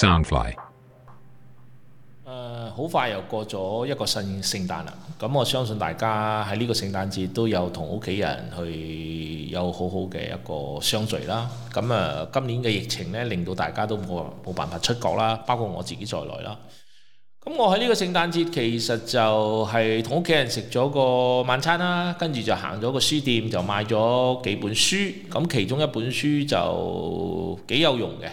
Soundfly，誒好快又過咗一個聖聖誕啦。咁我相信大家喺呢個聖誕節都有同屋企人去有好好嘅一個相聚啦。咁誒、呃，今年嘅疫情呢，令到大家都冇冇辦法出國啦，包括我自己在內啦。咁我喺呢個聖誕節其實就係同屋企人食咗個晚餐啦，跟住就行咗個書店，就買咗幾本書。咁其中一本書就幾有用嘅。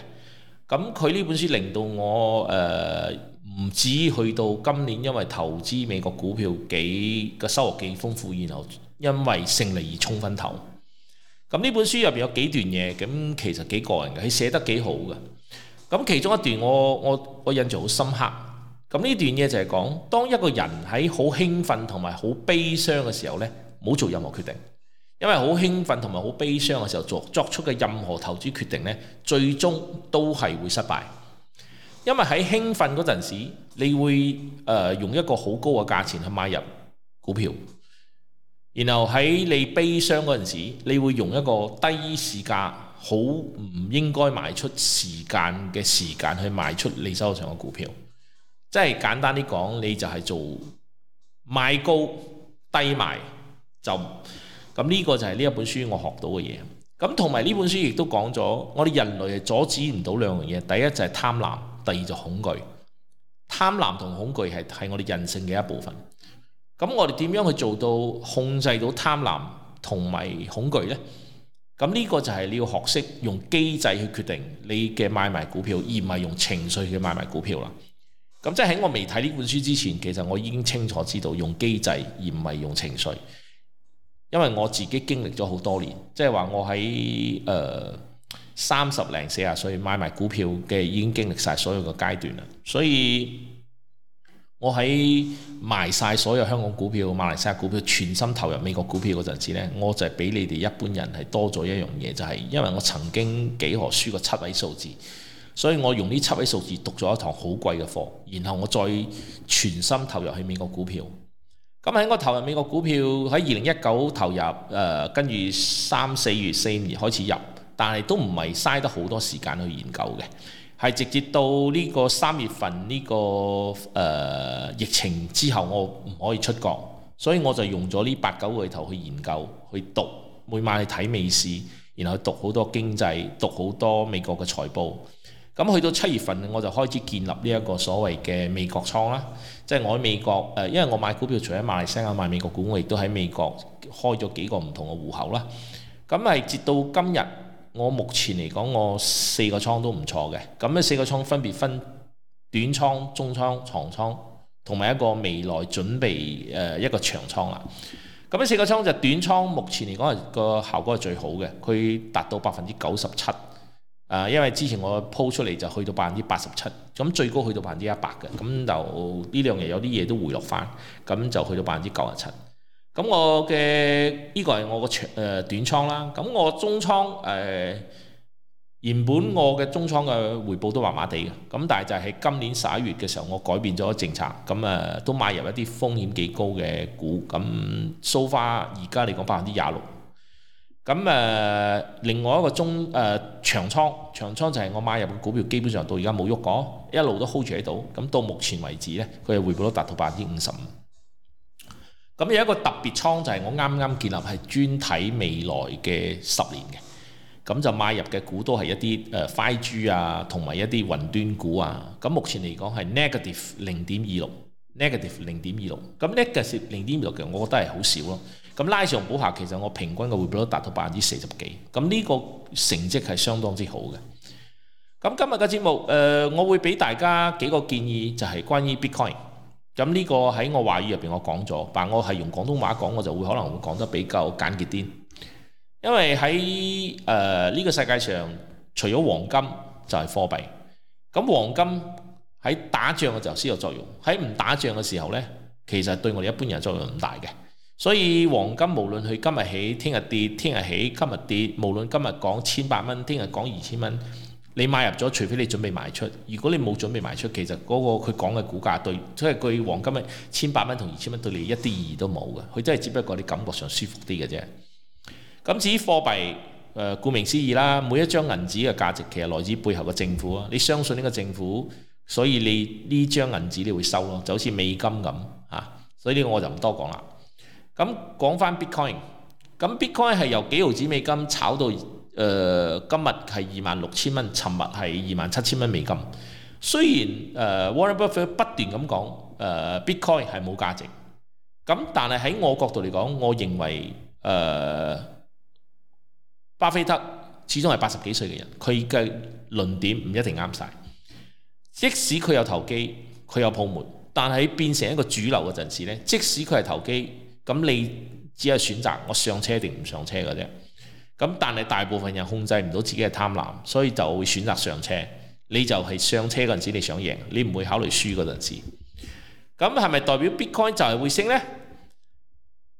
咁佢呢本書令到我誒唔、呃、止去到今年，因為投資美國股票嘅收穫幾豐富，然後因為勝利而衝昏頭。咁呢本書入邊有幾段嘢，咁其實幾個人嘅，佢寫得幾好嘅。咁其中一段我我我印象好深刻。咁呢段嘢就係講，當一個人喺好興奮同埋好悲傷嘅時候呢，唔好做任何決定。因為好興奮同埋好悲傷嘅時候做作出嘅任何投資決定咧，最終都係會失敗。因為喺興奮嗰陣時，你會誒、呃、用一個好高嘅價錢去買入股票，然後喺你悲傷嗰陣時，你會用一個低市價、好唔應該賣出時間嘅時間去賣出你手上嘅股票。即係簡單啲講，你就係做買高低賣就。咁呢個就係呢一本書我學到嘅嘢，咁同埋呢本書亦都講咗，我哋人類阻止唔到兩樣嘢，第一就係貪婪，第二就恐懼。貪婪同恐懼係係我哋人性嘅一部分。咁我哋點樣去做到控制到貪婪同埋恐懼呢？咁呢個就係你要學識用機制去決定你嘅買賣股票，而唔係用情緒去買賣股票啦。咁即係喺我未睇呢本書之前，其實我已經清楚知道用機制而唔係用情緒。因為我自己經歷咗好多年，即係話我喺誒三十零四十歲買埋股票嘅，已經經歷晒所有嘅階段啦。所以我喺賣晒所有香港股票、馬來西亞股票，全心投入美國股票嗰陣時呢，我就係比你哋一般人係多咗一樣嘢，就係、是、因為我曾經幾何輸過七位數字，所以我用呢七位數字讀咗一堂好貴嘅課，然後我再全心投入去美國股票。咁喺我投入美國股票喺二零一九投入，誒跟住三四月、四月開始入，但係都唔係嘥得好多時間去研究嘅，係直接到呢個三月份呢、呢個誒、呃、疫情之後，我唔可以出國，所以我就用咗呢八九個月頭去研究、去讀，每晚去睇美市，然後去讀好多經濟，讀好多美國嘅財報。咁去到七月份，我就開始建立呢一個所謂嘅美國倉啦，即係我喺美國誒、呃，因為我買股票除咗喺馬來西亞買美國股，我亦都喺美國開咗幾個唔同嘅戶口啦。咁、嗯、係直到今日，我目前嚟講，我四個倉都唔錯嘅。咁、嗯、呢四個倉分別分短倉、中倉、長倉，同埋一個未來準備誒、呃、一個長倉啦。咁、嗯、呢、嗯、四個倉就短倉，目前嚟講個效果係最好嘅，佢達到百分之九十七。誒，因為之前我鋪出嚟就去到百分之八十七，咁最高去到百分之一百嘅，咁就呢兩日有啲嘢都回落翻，咁就去到百分之九十七。咁我嘅呢、這個係我個長誒短倉啦，咁我中倉誒、呃、原本我嘅中倉嘅回報都麻麻地嘅，咁、嗯、但係就係今年十一月嘅時候，我改變咗政策，咁誒、呃、都買入一啲風險幾高嘅股，咁 so far 而家嚟講百分之廿六。So far, 咁誒、呃，另外一個中誒長倉，長倉就係我買入嘅股票，基本上到而家冇喐過，一路都 hold 住喺度。咁到目前為止呢佢係回報都達到百分之五十五。咁有一個特別倉就係我啱啱建立，係專睇未來嘅十年嘅，咁就買入嘅股都係一啲誒 5G 啊，同埋一啲雲端股啊。咁目前嚟講係 negative 零點二六，negative 零點二六。咁 negative 零點二六嘅，其實我覺得係好少咯。咁拉上補下，其實我平均嘅回報率達到百分之四十幾，咁呢個成績係相當之好嘅。咁今日嘅節目，誒、呃，我會俾大家幾個建議，就係、是、關於 Bitcoin。咁呢個喺我話語入邊我講咗，但我係用廣東話講，我就會可能會講得比較簡潔啲。因為喺誒呢個世界上，除咗黃金就係貨幣。咁黃金喺打仗嘅時候先有作用，喺唔打仗嘅時候呢，其實對我哋一般人作用唔大嘅。所以黃金無論佢今日起，聽日跌，聽日起，今日跌，無論今日講千八蚊，聽日講二千蚊，你買入咗，除非你準備賣出。如果你冇準備賣出，其實嗰個佢講嘅股價對，即係據黃金嘅千八蚊同二千蚊對你一啲意義都冇嘅。佢真係只不過你感覺上舒服啲嘅啫。咁至於貨幣，誒，顧名思義啦，每一張銀紙嘅價值其實來自背後嘅政府啊。你相信呢個政府，所以你呢張銀紙你會收咯，就好似美金咁嚇。所以呢個我就唔多講啦。咁講翻 Bitcoin，咁 Bitcoin 係由幾毫子美金炒到，誒、呃、今日係二萬六千蚊，尋日係二萬七千蚊美金。雖然誒、呃、Warren Buffett 不斷咁講，誒、呃、Bitcoin 係冇價值。咁但係喺我角度嚟講，我認為誒、呃、巴菲特始終係八十幾歲嘅人，佢嘅論點唔一定啱晒。即使佢有投機，佢有泡沫，但係變成一個主流嗰陣時咧，即使佢係投機。咁你只係選擇我上車定唔上車嘅啫，咁但係大部分人控制唔到自己嘅貪婪，所以就會選擇上車。你就係上車嗰陣時你想贏，你唔會考慮輸嗰陣時。咁係咪代表 Bitcoin 就係會升呢？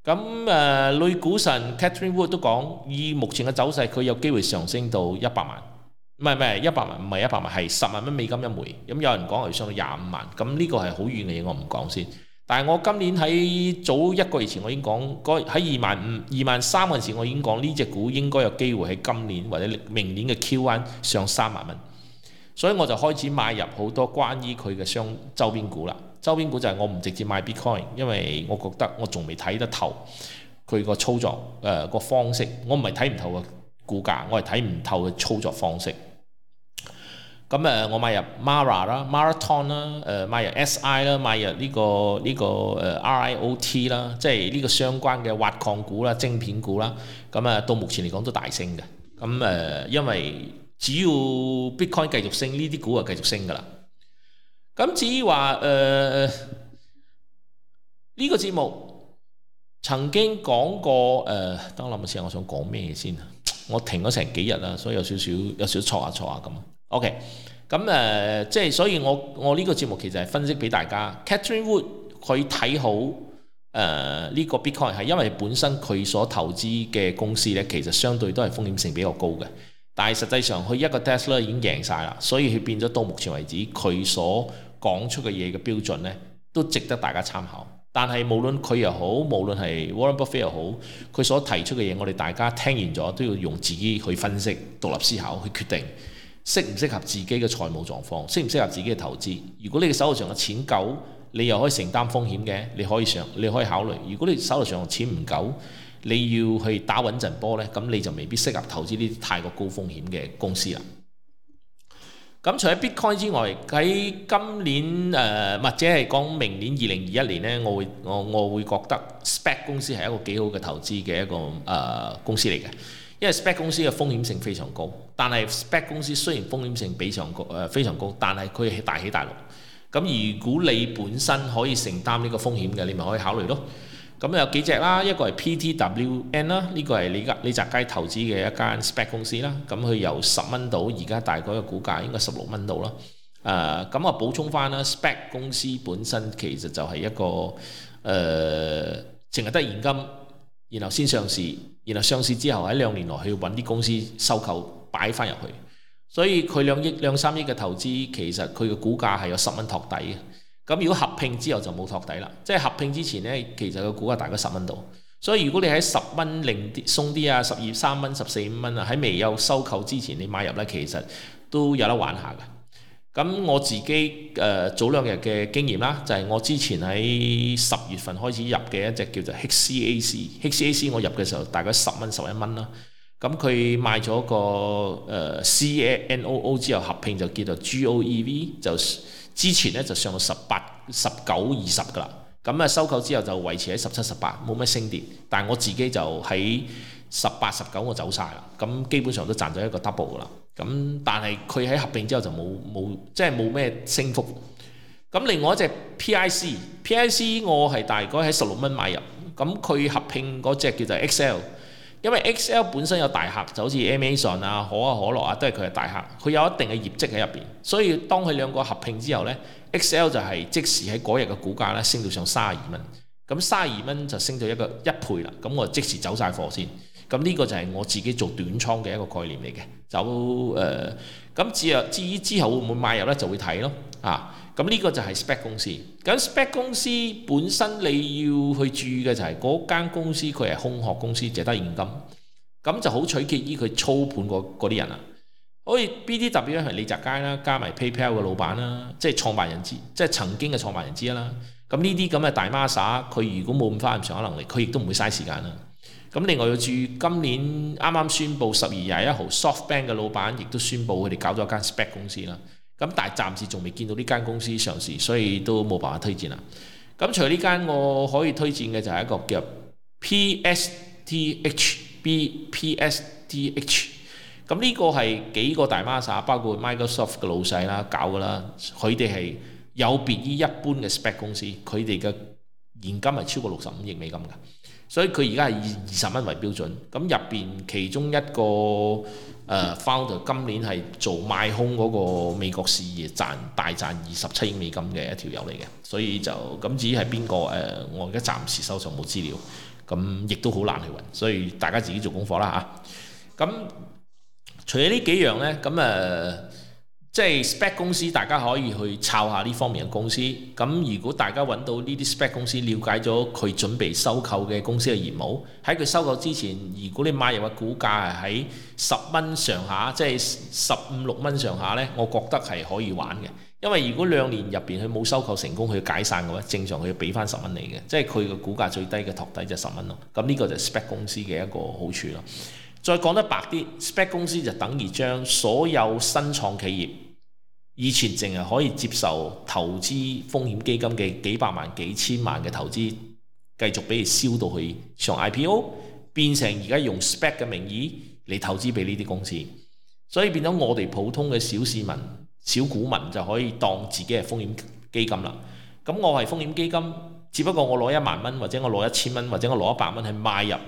咁誒，女、呃、股神 Catherine Wood 都講，以目前嘅走勢，佢有機會上升到一百萬，唔係唔係一百萬，唔係一百萬，係十萬蚊美金一枚。咁有人講係上到廿五萬，咁呢個係好遠嘅嘢，我唔講先。但係我今年喺早一個月前，我已經講嗰喺二萬五、二萬三嗰陣時，我已經講呢隻股應該有機會喺今年或者明年嘅 Q1 上三萬蚊，所以我就開始買入好多關於佢嘅商周邊股啦。周邊股就係我唔直接買 Bitcoin，因為我覺得我仲未睇得透佢個操作誒個、呃、方式。我唔係睇唔透嘅股價，我係睇唔透嘅操作方式。咁誒、嗯，我買入 MARA 啦、Marathon 啦、誒買入 S.I. 啦、買入呢、呢個呢、呢個誒 R.I.O.T. 啦，iot，即係呢個相關嘅挖礦股啦、晶片股啦。咁、嗯、啊，到目前嚟講都大升嘅。咁、嗯、誒、呃，因為只要 Bitcoin 繼續升，呢啲股啊繼續升㗎啦。咁、嗯、至於話誒呢個節目曾經講過誒，等、呃、我諗下我先，我想講咩先啊？我停咗成幾日啦，所以有少少有少錯下錯下咁。OK，咁誒，即、呃、係所以我，我我呢個節目其實係分析俾大家。Catherine Wood 佢睇好誒呢、呃這個 Bitcoin 係因為本身佢所投資嘅公司呢，其實相對都係風險性比較高嘅。但係實際上佢一個 Tesla 咧已經贏晒啦，所以佢變咗到目前為止，佢所講出嘅嘢嘅標準呢都值得大家參考。但係無論佢又好，無論係 Warren Buffett 又好，佢所提出嘅嘢，我哋大家聽完咗都要用自己去分析、獨立思考去決定。適唔適合自己嘅財務狀況，適唔適合自己嘅投資？如果你嘅手頭上嘅錢夠，你又可以承擔風險嘅，你可以想，你可以考慮。如果你手頭上嘅錢唔夠，你要去打穩陣波呢，咁你就未必適合投資呢啲太過高風險嘅公司啦。咁除咗 Bitcoin 之外，喺今年誒、呃，或者係講明年二零二一年呢，我會我我會覺得 SPAC 公司係一個幾好嘅投資嘅一個誒、呃、公司嚟嘅。因為 SPAC 公司嘅風險性非常高，但係 SPAC 公司雖然風險性非常高，誒、呃、非常高，但係佢係大起大落。咁如果你本身可以承擔呢個風險嘅，你咪可以考慮咯。咁有幾隻啦，一個係 PTWN 啦，呢個係你家李澤楷投資嘅一間 SPAC 公司啦。咁佢由十蚊到而家大概嘅股價應該十六蚊到啦。誒、呃，咁啊補充返啦，SPAC 公司本身其實就係一個誒，淨、呃、係得現金，然後先上市。然後上市之後喺兩年內去揾啲公司收購擺翻入去，所以佢兩億兩三億嘅投資，其實佢嘅股價係有十蚊托底嘅。咁如果合併之後就冇托底啦，即係合併之前呢，其實個股價大概十蚊到。所以如果你喺十蚊零啲鬆啲啊，十二三蚊、十四五蚊啊，喺未有收購之前你買入呢，其實都有得玩下嘅。咁我自己誒、呃、早兩日嘅經驗啦，就係、是、我之前喺十月份開始入嘅一隻叫做 HCAC，HCAC 我入嘅時候大概十蚊十一蚊啦，咁、呃、佢賣咗個誒 CNOO 之後合併就叫做 GOEV，就之前咧就上到十八十九二十噶啦，咁啊，收購之後就維持喺十七十八冇咩升跌，但係我自己就喺十八十九我走晒啦，咁基本上都賺咗一個 double 噶啦。咁但係佢喺合併之後就冇冇即係冇咩升幅。咁另外一隻 P I C P I C 我係大概喺十六蚊買入。咁佢合併嗰隻叫做 X L，因為 X L 本身有大客，就好似 Amazon 啊、可口可樂啊，都係佢嘅大客。佢有一定嘅業績喺入邊，所以當佢兩個合併之後呢 X L 就係即時喺嗰日嘅股價呢升到上三十二蚊。咁三十二蚊就升咗一個一倍啦。咁我即時走晒貨先。咁呢個就係我自己做短倉嘅一個概念嚟嘅，走誒，咁至，啊，至於之後會唔會買入呢？就會睇咯嚇。咁、啊、呢個就係 SPAC 公司，咁 SPAC 公司本身你要去注意嘅就係嗰間公司佢係空殼公司，淨得現金，咁就好取決於佢操盤嗰啲人啦。好似 B D W 係李澤楷啦，加埋 PayPal 嘅老闆啦，即係創辦人資，即係曾經嘅創辦人資啦。咁呢啲咁嘅大孖沙佢如果冇咁翻唔上嘅能力，佢亦都唔會嘥時間啦。咁另外要注意，今年啱啱宣布十二廿一號 SoftBank 嘅老闆亦都宣布佢哋搞咗間 SPAC 公司啦。咁但係暫時仲未見到呢間公司上市，所以都冇辦法推薦啦。咁除咗呢間，我可以推薦嘅就係一個叫 PSTHBPSTH。咁呢個係幾個大孖沙，包括 Microsoft 嘅老細啦，搞噶啦。佢哋係有別於一般嘅 SPAC 公司，佢哋嘅現金係超過六十五億美金噶。所以佢而家係以二十蚊為標準，咁入邊其中一個誒、呃、Founder 今年係做賣空嗰個美國事業賺大賺二十七億美金嘅一條友嚟嘅，所以就咁。至於係邊個誒、呃，我而家暫時手上冇資料，咁亦都好難去揾，所以大家自己做功課啦吓。咁、啊、除咗呢幾樣呢？咁誒。呃即係 SPAC 公司，大家可以去抄下呢方面嘅公司。咁如果大家揾到呢啲 SPAC 公司，了解咗佢準備收購嘅公司嘅業務，喺佢收購之前，如果你買入嘅股價係喺十蚊上下，即係十五六蚊上下呢，我覺得係可以玩嘅。因為如果兩年入邊佢冇收購成功，佢解散嘅話，正常佢要俾翻十蚊你嘅，即係佢嘅股價最低嘅托底就十蚊咯。咁呢個就係 SPAC 公司嘅一個好處咯。再講得白啲，SPAC 公司就等於將所有新創企業。以前淨係可以接受投資風險基金嘅幾百萬、幾千萬嘅投資，繼續俾佢燒到去上 IPO，變成而家用 SPAC 嘅名義嚟投資俾呢啲公司，所以變咗我哋普通嘅小市民、小股民就可以當自己係風險基金啦。咁我係風險基金，只不過我攞一萬蚊，或者我攞一千蚊，或者我攞一百蚊去買入呢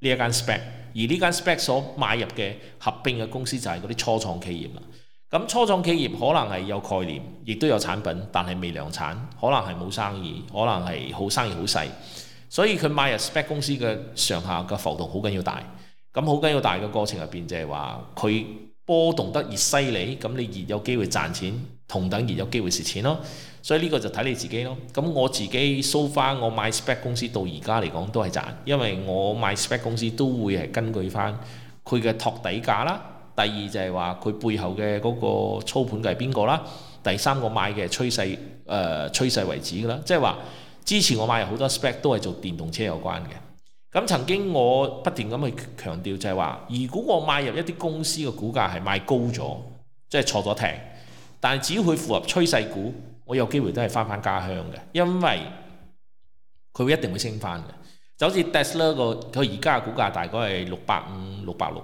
一間 SPAC，而呢間 SPAC 所買入嘅合併嘅公司就係嗰啲初創企業啦。咁初創企業可能係有概念，亦都有產品，但係未量產，可能係冇生意，可能係好生意好細，所以佢買入 SPAC 公司嘅上下嘅浮動好緊要大。咁好緊要大嘅過程入邊，就係話佢波動得越犀利，咁你越有機會賺錢，同等越有機會蝕錢咯。所以呢個就睇你自己咯。咁我自己收、so、翻我買 SPAC 公司到而家嚟講都係賺，因為我買 SPAC 公司都會係根據翻佢嘅托底價啦，第二就係話佢背後嘅嗰個操盤嘅係邊個啦？第三個買嘅趨勢，誒、呃、趨勢為止嘅啦。即係話之前我買入好多 SPAC 都係做電動車有關嘅。咁曾經我不斷咁去強調就係話，如果我買入一啲公司嘅股價係賣高咗，即係坐咗艇，但係只要佢符合趨勢股，我有機會都係翻返家鄉嘅，因為佢會一定會升翻嘅。就好似 Tesla 個佢而家嘅股價大概係六百五、六百六。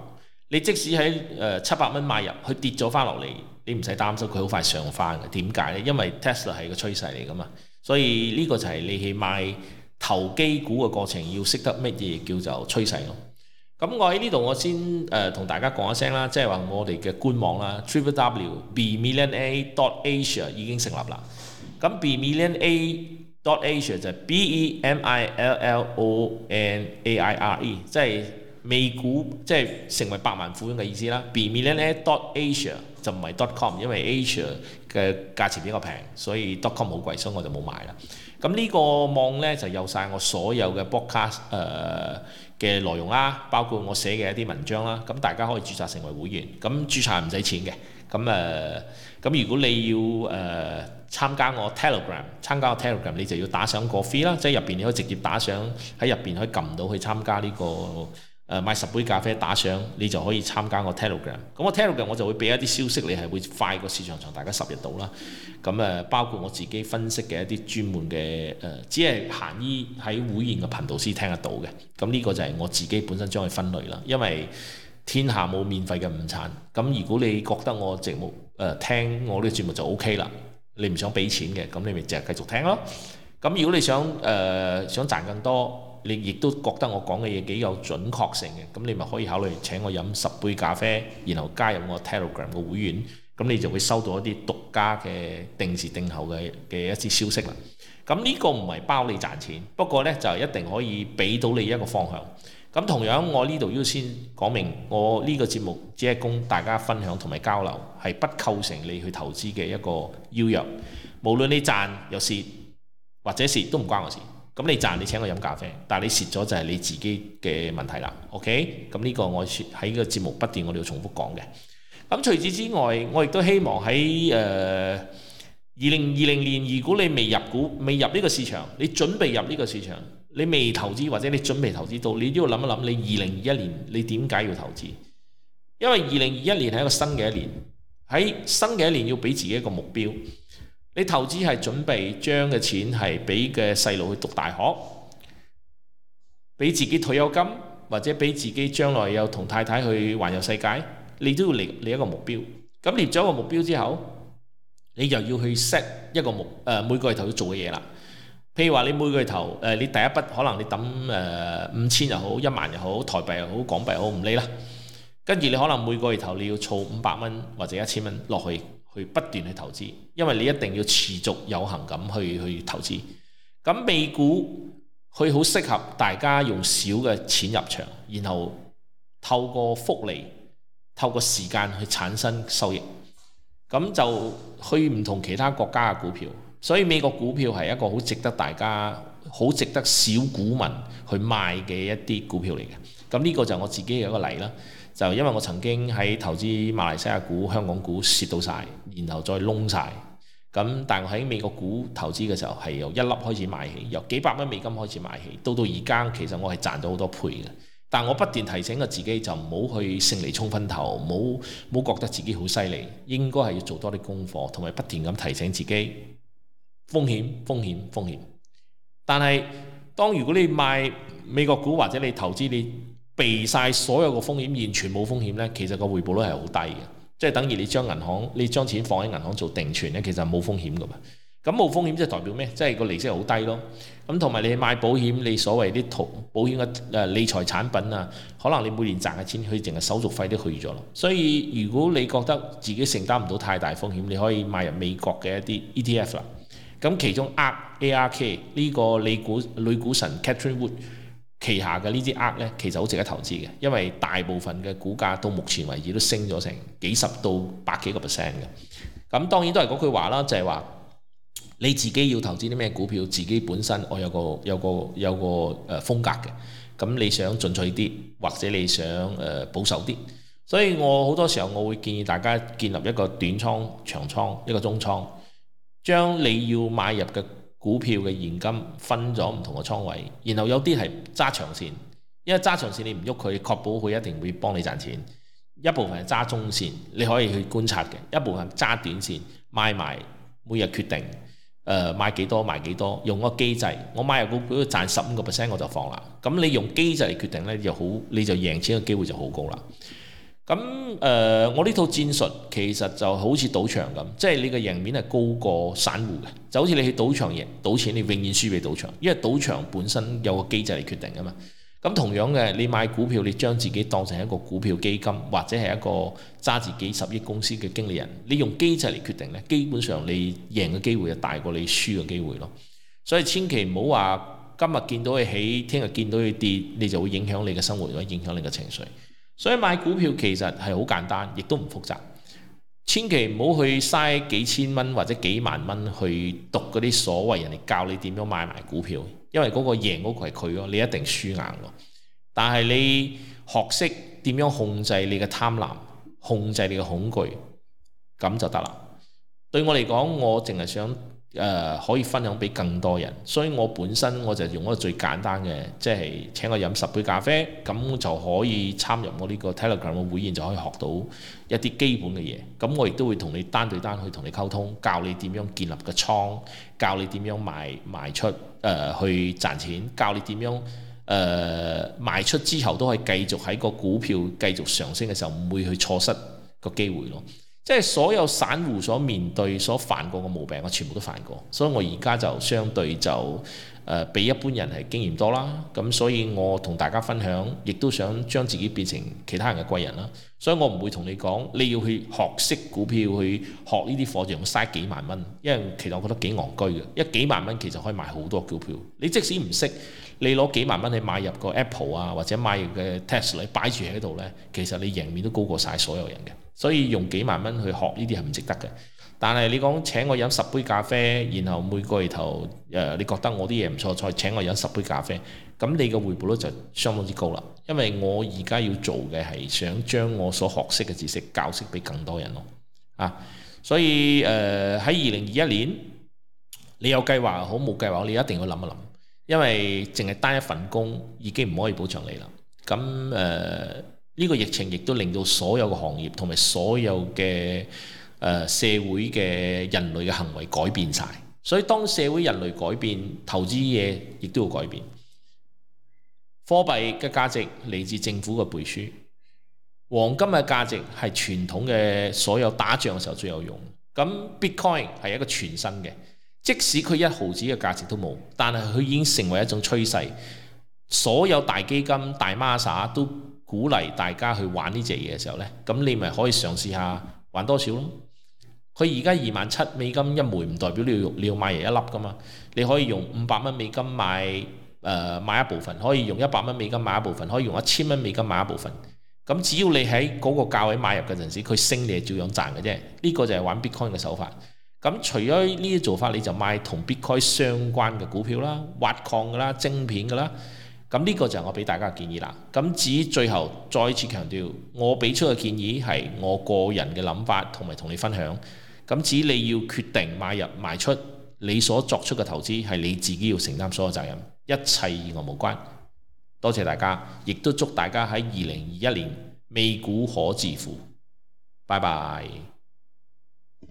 你即使喺誒七百蚊買入，佢跌咗翻落嚟，你唔使擔心佢好快上翻嘅。點解呢？因為 Tesla 係個趨勢嚟噶嘛，所以呢個就係你去買投機股嘅過程要識得乜嘢叫做趨勢咯。咁我喺呢度我先誒、呃、同大家講一聲啦，即係話我哋嘅官網啦 triplew.bmilliona.dotasia 已經成立啦。咁 bmilliona.dotasia 就係 b e m i l l o n a i r e 即係。未股即係成為百萬富翁嘅意思啦。b millionaire 咧 dotasia 就唔係 dotcom，因為 asia 嘅價錢比較平，所以 dotcom 好貴，所以我就冇買啦。咁呢個網咧就有晒我所有嘅 broadcast 誒嘅內容啦，包括我寫嘅一啲文章啦。咁大家可以註冊成為會員，咁註冊唔使錢嘅。咁誒、呃，咁如果你要誒參、呃、加我 telegram，參加我 telegram，你就要打賞個 fee 啦，即係入邊你可以直接打賞喺入邊可以撳到去參加呢、這個。誒買十杯咖啡打賞，你就可以參加我 Telegram。咁我 Telegram 我就會俾一啲消息，你係會快過市場上大家十日到啦。咁誒包括我自己分析嘅一啲專門嘅誒、呃，只係限於喺會員嘅頻道先聽得到嘅。咁呢個就係我自己本身將佢分類啦。因為天下冇免費嘅午餐。咁如果你覺得我直播誒聽我呢個節目就 O K 啦，你唔想俾錢嘅，咁你咪淨係繼續聽咯。咁如果你想誒、呃、想賺更多。你亦都覺得我講嘅嘢幾有準確性嘅，咁你咪可以考慮請我飲十杯咖啡，然後加入我 Telegram 嘅會員，咁你就會收到一啲獨家嘅定時定候嘅嘅一啲消息啦。咁呢個唔係包你賺錢，不過呢就一定可以俾到你一個方向。咁同樣我呢度要先講明，我呢個節目只係供大家分享同埋交流，係不構成你去投資嘅一個邀約。無論你賺又蝕，或者蝕都唔關我事。咁你賺，你請我飲咖啡，但係你蝕咗就係你自己嘅問題啦。OK，咁呢個我喺呢個節目不斷我哋要重複講嘅。咁除此之外，我亦都希望喺誒二零二零年，如果你未入股、未入呢個市場，你準備入呢個市場，你未投資或者你準備投資到，你都要諗一諗你二零二一年你點解要投資？因為二零二一年係一個新嘅一年，喺新嘅一年要俾自己一個目標。你投資係準備將嘅錢係俾嘅細路去讀大學，俾自己退休金，或者俾自己將來又同太太去環遊世界，你都要列一個目標。咁列咗個目標之後，你就要去 set 一個目，誒、呃、每個月頭要做嘅嘢啦。譬如話你每個月頭，誒、呃、你第一筆可能你抌誒、呃、五千又好，一萬又好，台幣又好，港幣又好，唔理啦。跟住你可能每個月頭你要儲五百蚊或者一千蚊落去。去不斷去投資，因為你一定要持續有恒咁去去投資。咁美股佢好適合大家用少嘅錢入場，然後透過複利、透過時間去產生收益。咁就去唔同其他國家嘅股票，所以美國股票係一個好值得大家、好值得小股民去買嘅一啲股票嚟嘅。咁呢個就係我自己嘅一個例啦。就因為我曾經喺投資馬來西亞股、香港股蝕到晒，然後再窿晒。咁但係我喺美國股投資嘅時候係由一粒開始買起，由幾百蚊美金開始買起，到到而家其實我係賺咗好多倍嘅。但我不斷提醒我自己就唔好去勝利沖昏頭，唔好唔好覺得自己好犀利，應該係要做多啲功課，同埋不斷咁提醒自己風險、風險、風險。但係當如果你賣美國股或者你投資你，避晒所有個風險，完全冇風險呢。其實個回報率係好低嘅，即係等於你將銀行你將錢放喺銀行做定存呢，其實冇風險噶嘛。咁冇風險即係代表咩？即係個利息好低咯。咁同埋你買保險，你所謂啲保保險嘅理財產品啊，可能你每年賺嘅錢佢淨係手續費都去咗咯。所以如果你覺得自己承擔唔到太大風險，你可以買入美國嘅一啲 ETF 啦。咁其中 ARK 呢 AR 個你股女股神 Catherine Wood。旗下嘅呢啲呃呢，其實好值得投資嘅，因為大部分嘅股價到目前為止都升咗成幾十到百幾個 percent 嘅。咁當然都係嗰句話啦，就係、是、話你自己要投資啲咩股票，自己本身我有個有個有個誒風格嘅。咁你想進取啲，或者你想誒、呃、保守啲，所以我好多時候我會建議大家建立一個短倉長倉一個中倉，將你要買入嘅。股票嘅現金分咗唔同嘅倉位，然後有啲係揸長線，因為揸長線你唔喐佢，確保佢一定會幫你賺錢。一部分係揸中線，你可以去觀察嘅；一部分揸短線，買埋每日決定，誒買幾多買幾多，買多，用個機制，我買入個股票賺十五個 percent 我就放啦。咁你用機制嚟決定呢就好你就贏錢嘅機會就好高啦。咁誒、呃，我呢套戰術其實就好似賭場咁，即係你嘅贏面係高過散戶嘅，就好似你去賭場贏賭錢，你永遠輸俾賭場，因為賭場本身有個機制嚟決定㗎嘛。咁同樣嘅，你買股票，你將自己當成一個股票基金，或者係一個揸自己十億公司嘅經理人，你用機制嚟決定呢，基本上你贏嘅機會就大過你輸嘅機會咯。所以千祈唔好話今日見到佢起，聽日見到佢跌，你就會影響你嘅生活或影響你嘅情緒。所以買股票其實係好簡單，亦都唔複雜。千祈唔好去嘥幾千蚊或者幾萬蚊去讀嗰啲所謂人哋教你點樣買賣股票，因為嗰個贏嗰個係佢咯，你一定輸硬。但係你學識點樣控制你嘅貪婪，控制你嘅恐懼，咁就得啦。對我嚟講，我淨係想。誒、呃、可以分享俾更多人，所以我本身我就用一個最簡單嘅，即係請我飲十杯咖啡，咁就可以參與我呢個 Telegram 嘅會員，就可以學到一啲基本嘅嘢。咁我亦都會同你單對單去同你溝通，教你點樣建立個倉，教你點樣賣賣出，誒、呃、去賺錢，教你點樣誒、呃、賣出之後都可以繼續喺個股票繼續上升嘅時候唔會去錯失個機會咯。即係所有散戶所面對、所犯過嘅毛病，我全部都犯過，所以我而家就相對就誒、呃、比一般人係經驗多啦。咁所以我同大家分享，亦都想將自己變成其他人嘅貴人啦。所以我唔會同你講，你要去學識股票，去學呢啲課程，嘥幾萬蚊，因為其實我覺得幾戇居嘅，一為幾萬蚊其實可以買好多股票。你即使唔識。你攞幾萬蚊去買入個 Apple 啊，或者買入個 Tesla 擺住喺度呢，其實你贏面都高過晒所有人嘅。所以用幾萬蚊去學呢啲係唔值得嘅。但係你講請我飲十杯咖啡，然後每個月頭誒、呃，你覺得我啲嘢唔錯，再請我飲十杯咖啡，咁你嘅回報率就相當之高啦。因為我而家要做嘅係想將我所學識嘅知識教識俾更多人咯。啊，所以誒喺二零二一年，你有計劃好冇計劃，你一定要諗一諗。因為淨係單一份工已經唔可以保障你啦，咁誒呢個疫情亦都令到所有嘅行業同埋所有嘅誒、呃、社會嘅人類嘅行為改變晒。所以當社會人類改變，投資嘢亦都要改變。貨幣嘅價值嚟自政府嘅背書，黃金嘅價值係傳統嘅所有打仗嘅時候最有用，咁 Bitcoin 係一個全新嘅。即使佢一毫子嘅價值都冇，但係佢已經成為一種趨勢。所有大基金、大 m 都鼓勵大家去玩呢隻嘢嘅時候呢，咁你咪可以嘗試下玩多少咯？佢而家二萬七美金一枚唔代表你要你要買入一粒噶嘛？你可以用五百蚊美金買誒、呃、買一部分，可以用一百蚊美金買一部分，可以用一千蚊美金買一部分。咁只要你喺嗰個價位買入嘅陣時，佢升你係照樣賺嘅啫。呢、這個就係玩 bitcoin 嘅手法。咁除咗呢啲做法，你就買同 Bitcoin 相關嘅股票啦、挖礦嘅啦、晶片嘅啦。咁呢個就係我俾大家嘅建議啦。咁至於最後再次強調，我俾出嘅建議係我個人嘅諗法，同埋同你分享。咁至於你要決定買入賣出，你所作出嘅投資係你自己要承擔所有責任，一切與我無關。多謝大家，亦都祝大家喺二零二一年美股可致富。拜拜。